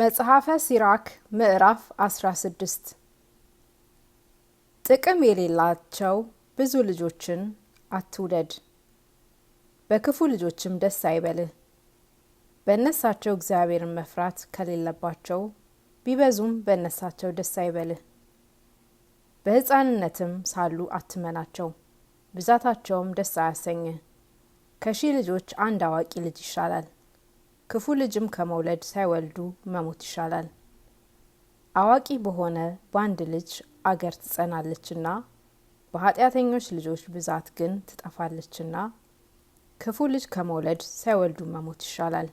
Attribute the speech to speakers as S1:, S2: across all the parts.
S1: መጽሐፈ ሲራክ ምዕራፍ 16 ጥቅም የሌላቸው ብዙ ልጆችን አትውደድ፣ በክፉ ልጆችም ደስ አይበልህ። በእነሳቸው እግዚአብሔርን መፍራት ከሌለባቸው ቢበዙም በእነሳቸው ደስ አይበልህ። በሕፃንነትም ሳሉ አትመናቸው፣ ብዛታቸውም ደስ አያሰኝህ። ከሺህ ልጆች አንድ አዋቂ ልጅ ይሻላል። ክፉ ልጅም ከመውለድ ሳይወልዱ መሞት ይሻላል። አዋቂ በሆነ በአንድ ልጅ አገር ትጸናለችና፣ በኃጢአተኞች ልጆች ብዛት ግን ትጠፋለችና፣ ክፉ ልጅ ከመውለድ ሳይወልዱ መሞት ይሻላል።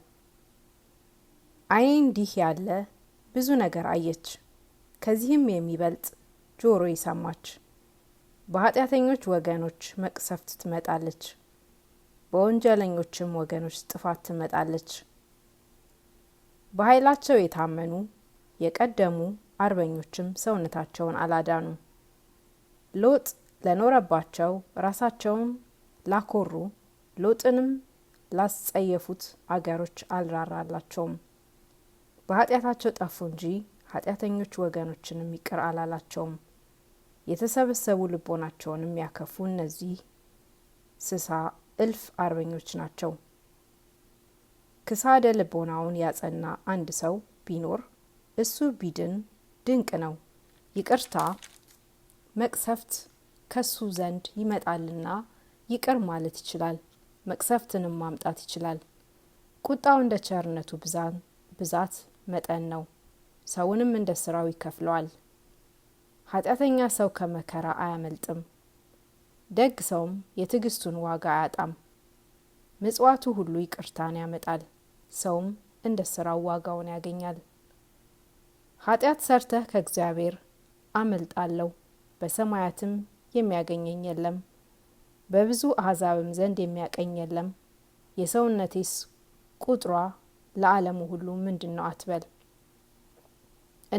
S1: ዓይኔ እንዲህ ያለ ብዙ ነገር አየች፣ ከዚህም የሚበልጥ ጆሮ ይሰማች። በኃጢአተኞች ወገኖች መቅሰፍት ትመጣለች፣ በወንጀለኞችም ወገኖች ጥፋት ትመጣለች። በኃይላቸው የታመኑ የቀደሙ አርበኞችም ሰውነታቸውን አላዳኑ። ሎጥ ለኖረባቸው ራሳቸውን ላኮሩ ሎጥንም ላስጸየፉት አገሮች አልራራላቸውም። በኃጢአታቸው ጠፉ እንጂ ኃጢአተኞች ወገኖችንም ይቅር አላላቸውም። የተሰበሰቡ ልቦናቸውንም ያከፉ እነዚህ ስሳ እልፍ አርበኞች ናቸው። ክሳደ ልቦናውን ያጸና አንድ ሰው ቢኖር እሱ ቢድን ድንቅ ነው። ይቅርታ መቅሰፍት ከሱ ዘንድ ይመጣልና ይቅር ማለት ይችላል። መቅሰፍትንም ማምጣት ይችላል። ቁጣው እንደ ቸርነቱ ብዛት መጠን ነው። ሰውንም እንደ ስራው ይከፍለዋል። ኃጢአተኛ ሰው ከመከራ አያመልጥም፣ ደግ ሰውም የትዕግስቱን ዋጋ አያጣም። ምጽዋቱ ሁሉ ይቅርታን ያመጣል፣ ሰውም እንደ ስራው ዋጋውን ያገኛል። ኃጢአት ሰርተህ ከእግዚአብሔር አመልጣለሁ፣ በሰማያትም የሚያገኘኝ የለም፣ በብዙ አሕዛብም ዘንድ የሚያቀኝ የለም። የሰውነቴስ ቁጥሯ ለዓለሙ ሁሉ ምንድን ነው አትበል።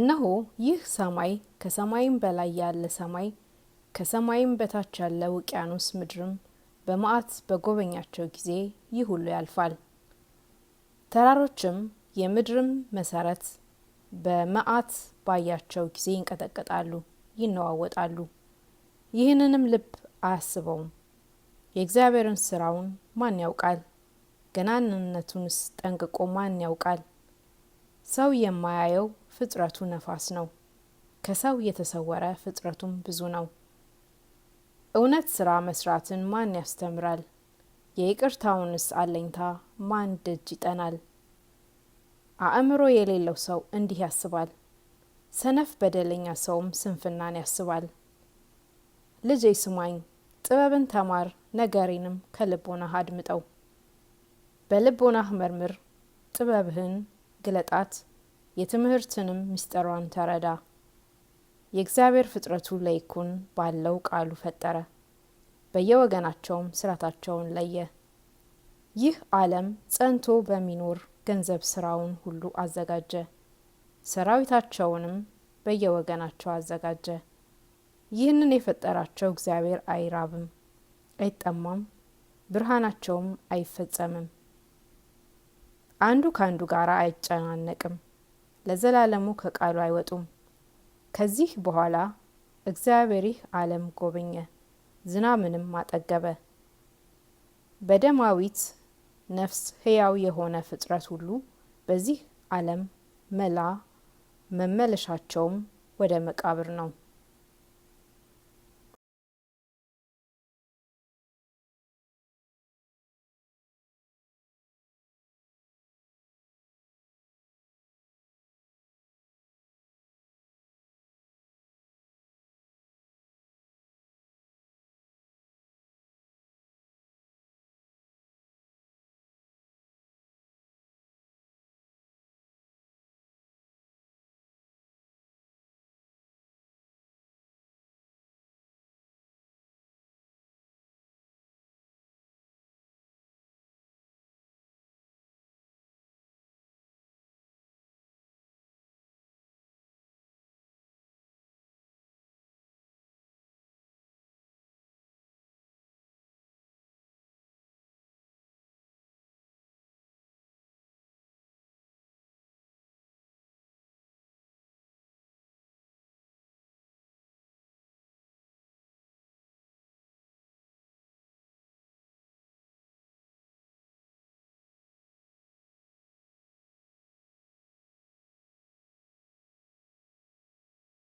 S1: እነሆ ይህ ሰማይ ከሰማይም በላይ ያለ ሰማይ ከሰማይም በታች ያለ ውቅያኖስ ምድርም በመዓት በጎበኛቸው ጊዜ ይህ ሁሉ ያልፋል። ተራሮችም የምድርም መሰረት በመዓት ባያቸው ጊዜ ይንቀጠቀጣሉ፣ ይነዋወጣሉ። ይህንንም ልብ አያስበውም። የእግዚአብሔርን ስራውን ማን ያውቃል? ገናንነቱንስ ጠንቅቆ ማን ያውቃል? ሰው የማያየው ፍጥረቱ ነፋስ ነው። ከሰው የተሰወረ ፍጥረቱም ብዙ ነው። እውነት ስራ መስራትን ማን ያስተምራል? የይቅርታውንስ አለኝታ ማን ደጅ ይጠናል? አእምሮ የሌለው ሰው እንዲህ ያስባል፣ ሰነፍ በደለኛ ሰውም ስንፍናን ያስባል። ልጄ ስማኝ፣ ጥበብን ተማር፣ ነገሬንም ከልቦናህ አድምጠው። በልቦናህ መርምር፣ ጥበብህን ግለጣት፣ የትምህርትንም ምስጢሯን ተረዳ። የእግዚአብሔር ፍጥረቱ ለይኩን ባለው ቃሉ ፈጠረ፣ በየወገናቸውም ስራታቸውን ለየ። ይህ ዓለም ጸንቶ በሚኖር ገንዘብ ስራውን ሁሉ አዘጋጀ፣ ሰራዊታቸውንም በየወገናቸው አዘጋጀ። ይህንን የፈጠራቸው እግዚአብሔር አይራብም፣ አይጠማም፣ ብርሃናቸውም አይፈጸምም፣ አንዱ ከአንዱ ጋር አይጨናነቅም፣ ለዘላለሙ ከቃሉ አይወጡም። ከዚህ በኋላ እግዚአብሔር ይህ ዓለም ጎበኘ፣ ዝናምንም አጠገበ። በደማዊት ነፍስ ሕያው የሆነ ፍጥረት ሁሉ በዚህ ዓለም መላ መመለሻቸውም ወደ መቃብር ነው።